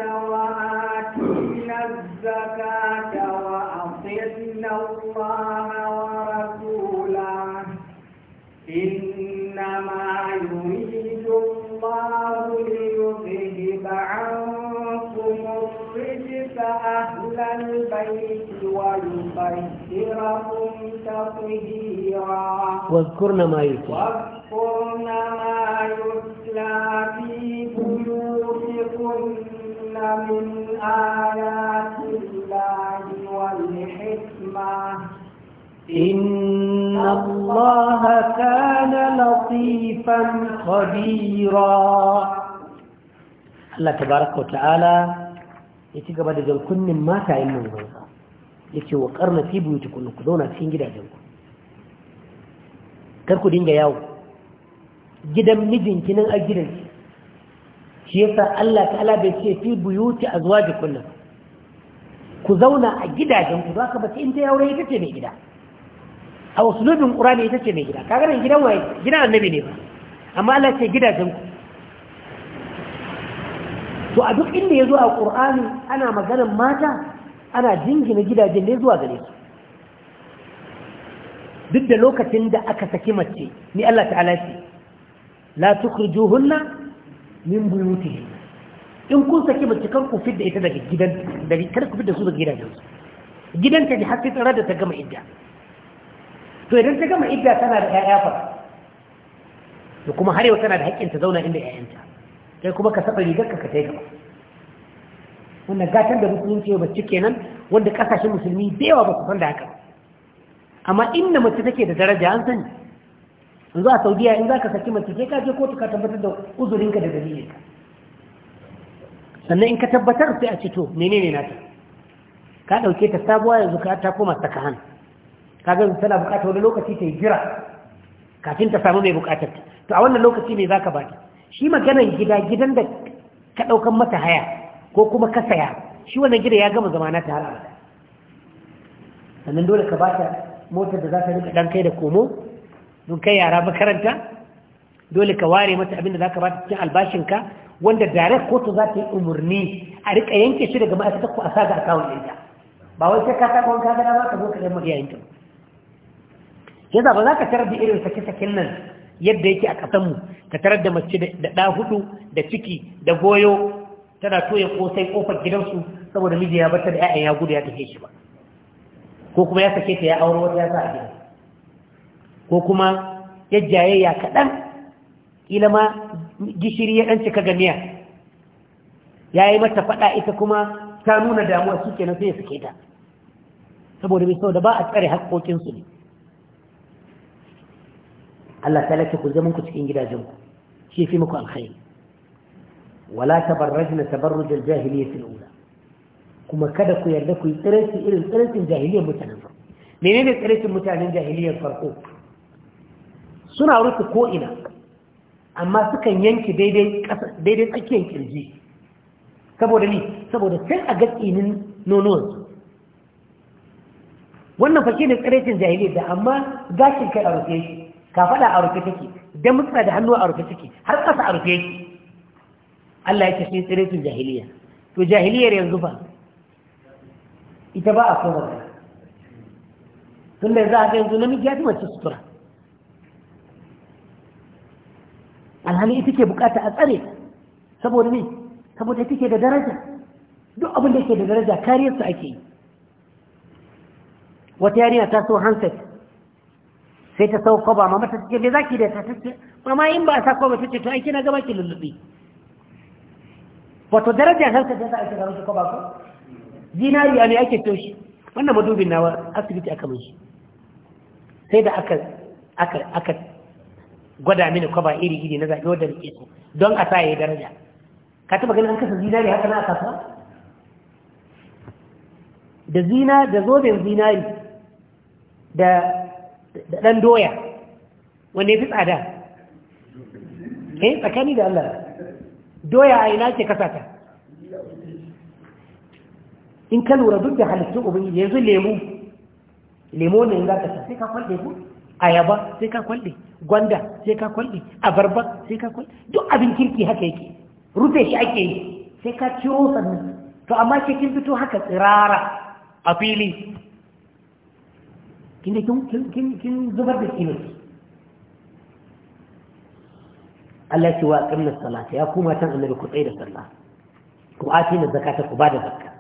أهل البيت ويطهرهم تطهيرا واذكرن ما يتلى واذكرن ما يتلى في بيوتكن من آيات الله والحكمة إن الله كان لطيفا خبيرا الله تبارك وتعالى ya ci gaba da jan kunnin matayen manzon sa ce wa ƙarna fi buyutikum ku zauna cikin gidajen ku kar ku dinga yawo gidan mijinki nan a gidanki shi ya sa Allah ta'ala bai ce fi buyuti azwajikum ku zauna a gidajen ku ka bace in ta yaure ita ce mai gida a wasu ƙura ne ita ce mai gida ka nan gidan waye gidan annabi ne ba amma Allah ce gidajen ku to a duk inda ya zo a ƙur'ani ana maganar mata ana jingina gidajen ne zuwa gare su duk da lokacin da aka saki mace ni Allah ta'ala ce la tukhrijuhunna min buyutihin in kun saki mace kan ku fidda ita daga gidan daga kar ku fidda su daga gidajen su gidanta da haske tsara da ta gama idda to idan ta gama idda tana da ƴaƴa fa to kuma har yau tana da haƙƙin ta zauna inda ƴaƴanta kai kuma ka saba rigar ka kai gaba wannan gatan da musulunci ya bacci kenan wanda kasashen musulmi da ba su san da haka amma inda mace take da daraja an sani yanzu a saudiya in za ka saki mace sai ka je kotu ka tabbatar da uzurinka da dalilinka sannan in ka tabbatar sai a ce to menene nata ka ɗauke ta sabuwa yanzu ka ta koma saka hannu ka ga tana bukatar wani lokaci ta yi jira kafin ta samu mai bukatar to a wannan lokaci ne za ka bata shi maganan gida gidan da ka ɗaukan mata haya ko kuma ka saya shi wannan gida ya gama zamana tare da sannan dole ka ba ta motar da za ta rika ɗan kai da komo don kai yara makaranta dole ka ware mata abinda da za ka ba ta cikin albashinka wanda direct kotu za ta yi umarni a rika yanke shi daga ma'aikatar ku a sa ga akawun ɗinta ba wai sai ka sa kawon kagana ba ka zo ka ɗan mabiyayin ta ba za ka tarar da irin sake-saken nan yadda yake a ƙasanmu ka tarar da mace da ɗa hudu da ciki da goyo tana ko kosai ƙofar gidansu saboda miji ya bata da ‘ya'yan ya gudu ya tafe shi ba ko kuma ya sake ta ya auro wata ya sa a gida ko kuma ya jayayya kaɗan ila ma gishiri ya ɗan cika ga miya ya yi mata faɗa ita kuma ta nuna damuwa shi kenan sai ya sake ta saboda mai saboda ba a tsare haƙoƙinsu ne Allah ta lake ku zaman ku cikin gidajen ku shi fi muku alkhairi wala tabarrajna tabarrujal jahiliyyatil ula kuma kada ku yarda ku yi irin tsirancin jahiliyyah mutanen farko menene tsirancin mutanen jahiliyyah farko suna rufe ko ina amma sukan yanki daidai daidai tsakiyar kirji saboda ni saboda sai a ga tsinin nonon wannan fashe ne tsirancin jahiliyyar da amma gashin kai a rufe shi kafada a rufe take damutsa da hannu a rufe take har kasa a rufe yake Allah yake sai tsire su jahiliya to jahiliyar yanzu fa ita ba a kowar da tun da za a ga yanzu namiji ya fi mace sutura alhali ita ke bukata a tsare saboda ne saboda ita ke da daraja duk abin da ke da daraja kariyarsa ake yi wata yarinya ta so handset sai ta sau kwaba ma ta ce me zaki da ta ce mama in ba a sa kwaba ta ce to aiki na gaba ki lullubi wato daraja harka ta sa ake gaba ki kwaba ko zinariya ne ake toshi wannan madubin nawa asibiti aka mai shi sai da aka aka aka gwada mini kwaba iri iri na zaɓe wadda nake so don a sa ya yi daraja ka taɓa ganin an kasa zinari haka na a kasuwa da zina da zoben zinari da da ɗan doya wanda ya fi tsada eh tsakani da Allah doya a ina ce kasata in ka lura duk da halittu ubangiji yanzu lemu lemu ne za ka sai ka kwalde ku ayaba sai ka kwalde gwanda sai ka kwalde abarba sai ka kwalde duk abin kirki haka yake rufe shi ake yi sai ka ciro sannan to amma ke kin fito haka tsirara a fili kin kin kin zubar da kino Allah ya ce wa aqimna salata ya kuma tan annabi ku tsaya da sallah ku atina zakata ku bada zakka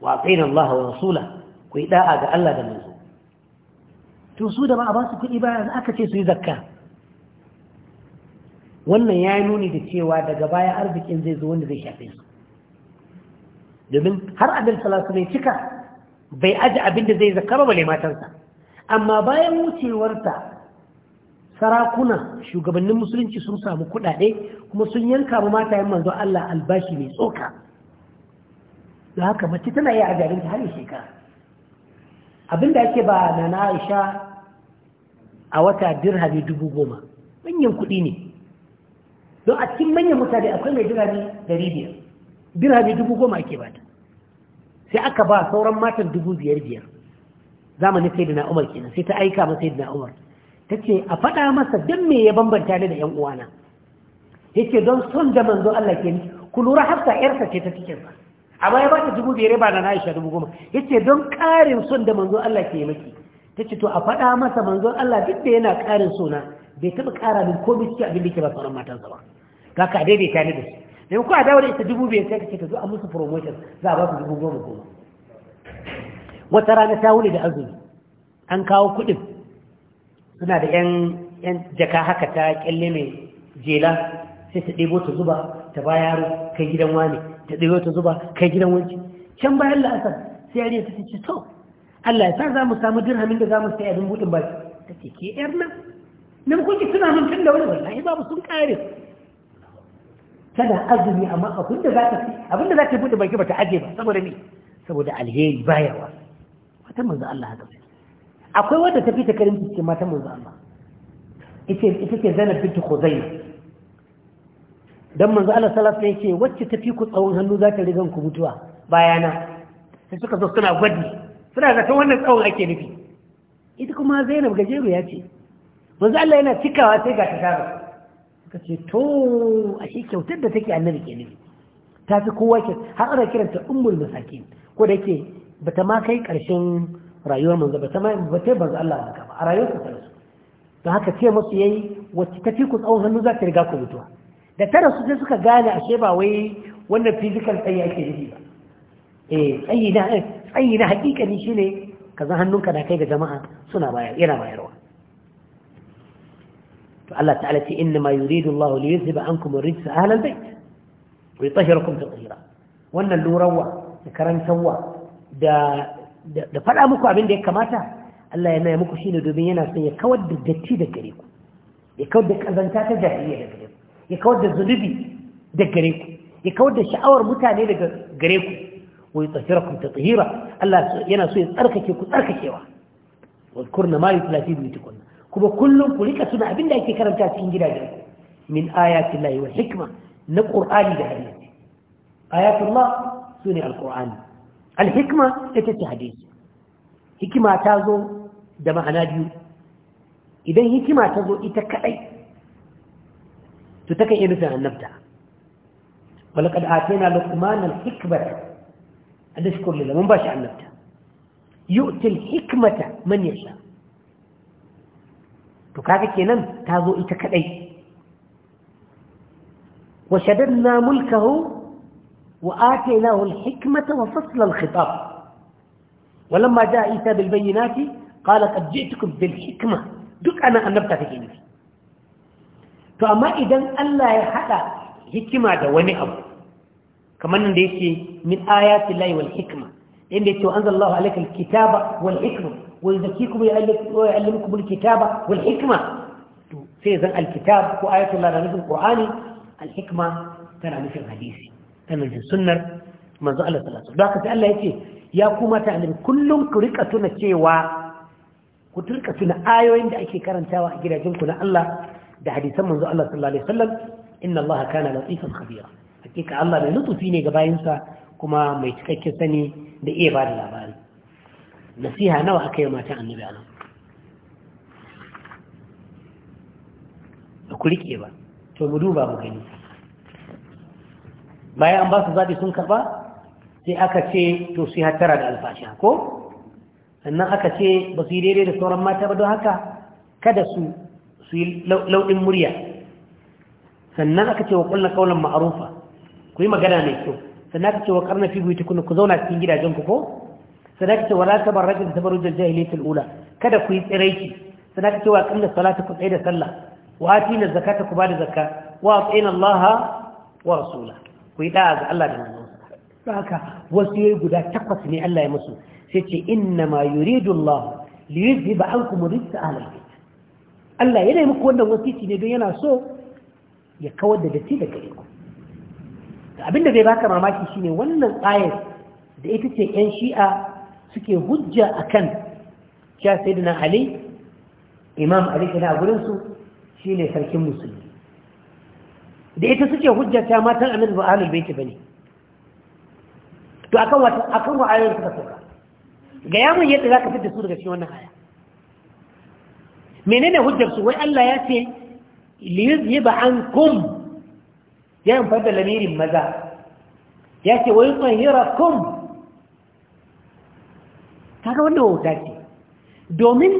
wa atina Allah wa rasula ku yi da'a ga Allah da manzo to su da ba a ba su kuɗi ba aka ce su yi zakka wannan ya yi nuni da cewa daga baya arzikin zai zo wanda zai shafe su domin har abin salasu mai cika bai aji abin da zai zakka ba bale matansa amma bayan wucewarta sarakuna shugabannin musulunci sun samu kuɗaɗe kuma sun yanka ma yin manzo Allah albashi mai tsoka da haka mace tana yi a garinta har shekara abinda ake ba na Aisha a wata dirhami dubu goma manyan kuɗi ne don a cikin manyan mutane akwai mai dirhami dari biyar dirhami dubu goma ake bata sai aka ba sauran matan dubu biyar biyar zamanin sayyidina Umar kenan sai ta aika masa sayyidina Umar ce a faɗa masa dan me ya bambanta ni da 'yan uwana Ya ce don son da manzo Allah ke ni ku lura hafsa 'yarsa ce ta cikin sa baya ba ta dubu biyar ba na Aisha dubu goma Ya ce don ƙarin son da manzo Allah ke miki ce to a faɗa masa manzo Allah duk da yana ƙarin sona bai taɓa ƙara min komai cikin abin da ke ba sauran matan zama. ga ka daidaita ni da su da ku a dawo da ita dubu biyar sai ka ce ta zo a musu promotion za a ba su dubu goma goma wata rana ta wuni da azumi an kawo kuɗin suna da yan jaka haka ta kyalle mai jela sai ta ɗebo ta zuba ta ba yaro kai gidan wani ta ɗebo ta zuba kai gidan wanci can bayan la'asar sai yariya ta ce to Allah ya sa za mu samu dirhamin da za mu sai abin buɗin baki ta ce ke yar nan nan kuke suna mun tun da wani wallahi babu sun kare tana azumi amma abin da za ta fi, abin da za ta buɗe baki ba ta aje ba saboda me saboda alheri baya wasa matan manzo Allah haka akwai wanda ta fita karimci cikin matan manzo Allah ita ce Zainab bint Khuzaimah dan manzo Allah sallallahu alaihi wasallam yake wacce ta ku tsawon hannu za ta rigan ku mutuwa bayana sai suka zo suna gwadi suna ta wannan tsawon ake nufi ita kuma Zainab gajeru ya ce manzo Allah yana cikawa sai ga ta tara suka ce to a shi kyautar da take annabi ke nufi ta fi kowa ke har ana kiranta ummul masakin ko da yake bata ma kai ƙarshen rayuwar manzo bata ma bata banzu Allah haka ba a rayuwarsa ta rasu don haka ce musu yayi wacce ta fi ku tsawon hannu za ta riga ku mutuwa da ta rasu sai suka gane ashe ba wai wannan physical tsayi ake nufi ba eh tsayi na tsayi na hakikani shine kaza hannunka na kai ga jama'a suna bayar yana bayarwa to Allah ta'ala ce innama yuridu Allah li yuzhiba ankum ar-rijsa ahla al-bayt wa yutahhirakum tatheera wannan lurawa da karantawa da faɗa muku abin da ya kamata Allah ya naya muku shi ne domin yana son ya kawar da datti da gare ku ya kawar da ƙazanta ta jahiliya da gare ku ya kawar da zunubi da gare ku ya kawar da sha'awar mutane daga gare ku Wai wa ta tatheera Allah yana so ya tsarkake ku tsarkakewa wa kurna ma yutla fi buyutikum kuma kullum ku rika suna abin da ake karanta cikin gidajen ku min ayati llahi wal hikma na qur'ani da hadisi ayatullah sune alqur'ani الحكمة تتت حديث حكمة تازو دم عناديو إذن حكمة تازو إتكأي تتكأي نفع النبتع ولقد آتينا لقمان الحكمة أن نشكر لله من باشا النبتع يؤتي الحكمة من يشاء تكاكك ينم تازو إتكأي وشددنا ملكه وشددنا ملكه وآتي له الحكمة وفصل الخطاب ولما جاء إيسى بالبينات قال قد جئتكم بالحكمة دك أنا أن نبتفك إنه فأما إذن ألا يحدى حكمة ونعم كما نديسي من آيات الله والحكمة إن أنزل الله عليك الكتابة والحكمة ويذكيكم ويعلمكم الكتابة والحكمة سيزن الكتاب وآيات الله رجل القرآن الحكمة ترى مثل الحديثي ta nufin sunnar manzo Allah sallallahu alaihi wasallam Allah yake ya kuma ta annabi kullum ku rika tuna cewa ku turka tuna ayoyin da ake karantawa a gidajen ku na Allah da hadisan manzo Allah sallallahu alaihi wasallam inna Allah kana latifan khabira hakika Allah mai lutufi ne ga bayinsa kuma mai cikakken sani da iya ba da labari nasiha nawa aka yi matan annabi nan? ku rike ba to mu duba mu gani bayan an ba su zaɓi sun karɓa sai aka ce to sai hattara da alfashi ko sannan aka ce ba su yi daidai da sauran mata ba don haka kada su su yi lauɗin murya sannan aka ce wa ƙulla ƙaunar ma'arufa ku yi magana mai kyau sannan aka ce wa ƙarna fi buyi ku zauna cikin gidajen ku ko sannan aka ce wa lata bar rajin ta barujar jahiliyatul ula kada ku yi tsiraiki sannan aka ce wa ƙamna salatu ku tsaye da sallah wa ati na zakata ku ba da zakka wa tsayin allaha wa rasula ku yi da'a ga Allah da manzonsa don haka wasu yayi guda takwas ne Allah ya musu sai ce inna ma yuridu Allah li yuzhiba ankum rijsa ahli bait Allah yana muku wannan wasiti ne don yana so ya kawar da datti daga gare ku abinda zai baka mamaki shine wannan ayar da ita ce yan shi'a suke hujja akan cewa sayyidina Ali imam Ali kana gurin su shine sarkin musulmi da ita suke hujjata matan annabi ba ahlul baiti bane to akan wata akan wa ayoyin suka sauka ga yamin yadda zaka fitar da su daga cikin wannan aya menene hujjar su wai Allah ya ce li an kum ya yi fadda lamirin maza ya ce wai tsahirakum kaga wannan wauta ce domin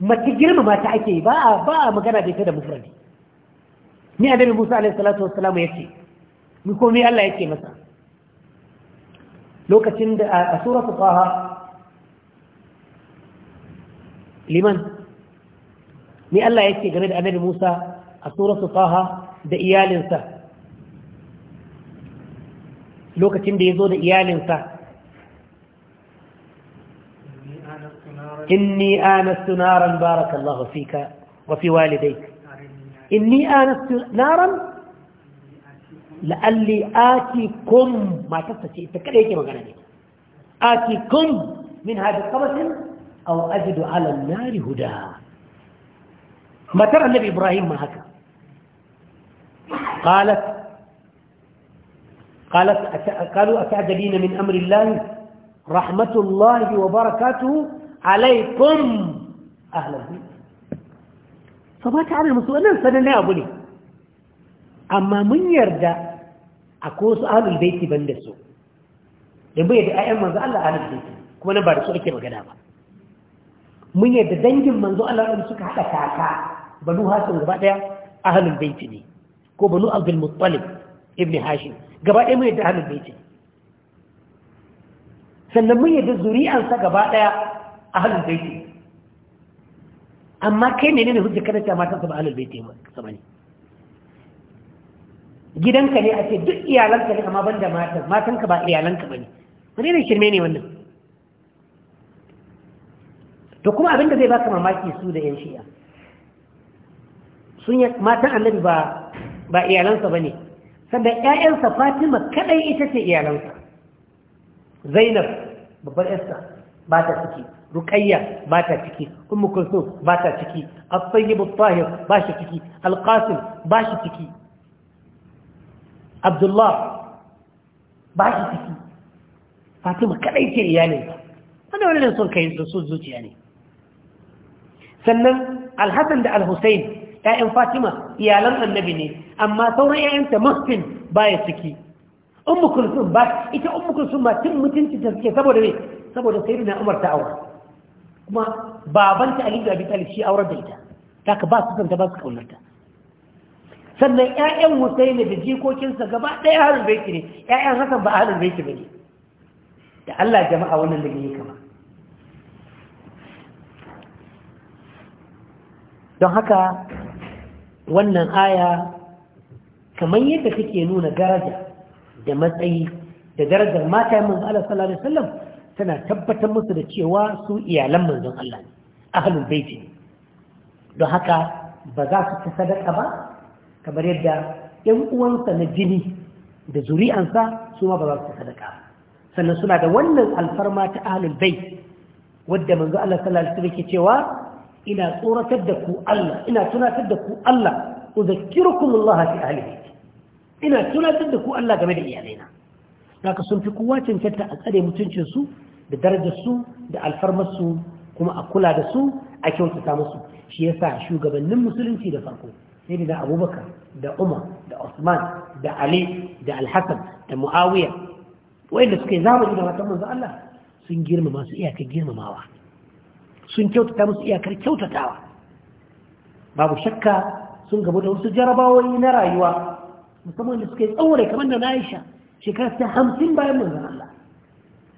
mace girma mata ake ba a ba a magana da ita da mufradi ni annabi Musa alaihi salatu wassalam yake ni ko me Allah yake masa lokacin da a suratul qaha liman ni Allah yake game da annabi Musa a suratul qaha da iyalinsa lokacin da yazo da iyalinsa inni anastu naran barakallahu fika wa fi walidayka إني آنست نارا لألي آتيكم ما تستطيع تكريك مغناني آتيكم من هذا القبس أو أجد على النار هدى ما ترى النبي إبراهيم ما هكا قالت قالت قالوا أتعجبين من أمر الله رحمة الله وبركاته عليكم أهلا البيت fa ba ta musu wannan sanannen abu ne amma mun yarda a ko su ahlul baiti ban da su da bai da ayyan manzo Allah ahlul baiti kuma nan ba da su ake magana ba mun yarda dangin manzo Allah da suka hada kaka banu hasan gaba daya ahlul baiti ne ko banu abdul muttalib ibn hashim gaba daya mun yarda ahlul baiti sannan mun yarda zuri'ansa gaba daya ahlul baiti amma kai ne ne hujja kada ta matan ba bai baiti sama ne gidanka ne a ce duk iyalanka ne amma banda matan matanka ba iyalanka ba ne. wani ne shirme ne wannan to kuma abinda zai baka mamaki su da yan shi'a sun yi matan annabi ba ba iyalansa sannan ƴaƴansa Fatima kadai ita ce iyalansa Zainab babbar yasta ba ta suke. ruqayya ba ta ciki ummu kulsum ba ta ciki at-tayyib at-tahir ba shi ciki al-qasim ba shi ciki abdullah ba shi ciki fatima kadai ce iyalinsa wanda wani da son kai sun zuciya ne sannan alhassan da al alhussein ‘ya'yan fatima iyalan annabi ne amma sauran ‘ya'yanta muslim baya ciki ummu kulsum ba ita ummu kulsum ba tun mutunci ta suke saboda ne saboda Sayyidina umar ta aure kuma babanta Ali da Abi Talib shi aurar da ita ka ba su kanta ba su kaunarta sannan ƴaƴan Husaini da jikokinsa gaba ɗaya harin baiti ne ƴaƴan Hassan ba halin baiti bane da Allah jama'a wannan da yake kama don haka wannan aya kamar yadda take nuna daraja da matsayi da darajar mata manzo Allah sallallahu alaihi wasallam tana tabbatar musu da cewa su iyalan manzon Allah ne ahlul baiti ne don haka ba za su ci sadaka ba kamar yadda ƴan uwansa na jini da zuri'ansa su ma ba za su ci sadaka ba sannan suna da wannan alfarma ta ahlul bait wadda manzo Allah sallallahu alaihi wasallam ke cewa ina tsoratar da ku Allah ina tunatar da ku Allah uzakkirukum Allah fi ahli bait ina tunatar da ku Allah game da iyalaina haka sun fi kowa cancanta a tsare mutuncinsu? da darajarsu da alfarmarsu kuma a kula da su a kyautata musu shi yasa shugabannin musulunci da farko sai da abubakar da umar da osman da ali da alhassan da muawiya wanda suka yi zamani da matan manzo Allah sun girmama su iyakar girmamawa sun kyautata musu iyakar kyautatawa babu shakka sun gabu da wasu jarabawoyi na rayuwa musamman da suka yi tsaurai kamar da na aisha shekara ta hamsin bayan manzon Allah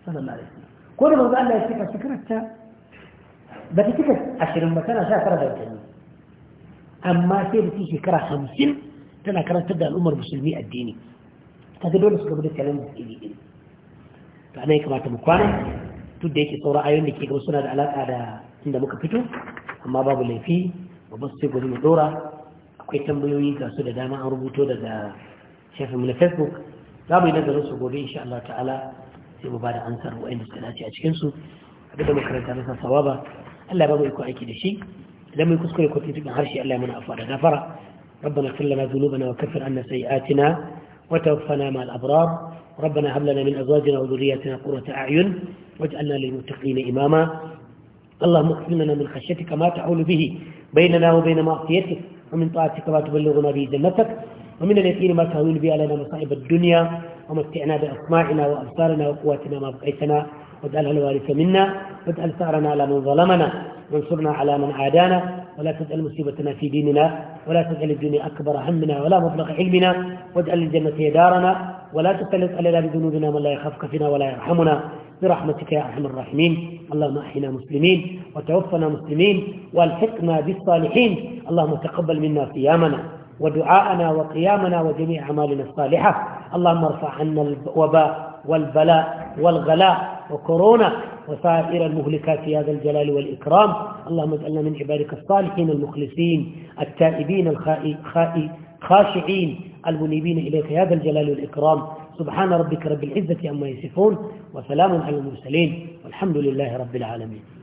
sallallahu alaihi ko da manzo Allah ya cika shekararta ba ta cika ashirin ba tana sha da watanni amma sai da shekara hamsin tana karantar da al'ummar musulmi addini ta dole su gaba da challenge iri iri to ana yi kamata mu kwana duk da yake saura ayoyin da ke gaba suna da alaƙa da inda muka fito amma babu laifi babban sai gobe mu dora akwai tambayoyi ga su da dama an rubuto daga shafin mu na facebook za mu yi nazarin su gobe insha Allah ta'ala sai mu ba da ansar wa'anda suka dace a cikinsu abin da makaranta na sassawa ba Allah ba mu iko aiki da shi idan mai kuskure ko tuntuɓin harshe Allah ya mana afuwa da gafara ربنا اغفر لنا ذنوبنا وكفر عنا سيئاتنا وتوفنا مع الأبرار ربنا هب لنا من أزواجنا وذرياتنا قرة أعين واجعلنا للمتقين إماما اللهم اغفر لنا من خشيتك ما تعول به بيننا وبين معصيتك ومن طاعتك ما تبلغنا به جنتك ومن اليقين ما تهون به لنا مصائب الدنيا ومتعنا بأسماعنا وأبصارنا وقواتنا ما بقيتنا واجعلها الوارث منا واجعل ثأرنا على من ظلمنا وانصرنا على من عادانا ولا تجعل مصيبتنا في ديننا ولا تجعل الدنيا أكبر همنا ولا مبلغ علمنا واجعل الجنة هي دارنا ولا تسلط علينا بذنوبنا من لا يخافك فينا ولا يرحمنا برحمتك يا أرحم الراحمين اللهم أحينا مسلمين وتوفنا مسلمين والحقنا بالصالحين اللهم تقبل منا صيامنا ودعاءنا وقيامنا وجميع أعمالنا الصالحة اللهم ارفع عنا الوباء والبلاء والغلاء وكورونا وسائر المهلكات يا ذا الجلال والإكرام اللهم اجعلنا من عبادك الصالحين المخلصين التائبين الخائي خائي خاشعين المنيبين إليك يا ذا الجلال والإكرام سبحان ربك رب العزة عما يصفون وسلام على المرسلين والحمد لله رب العالمين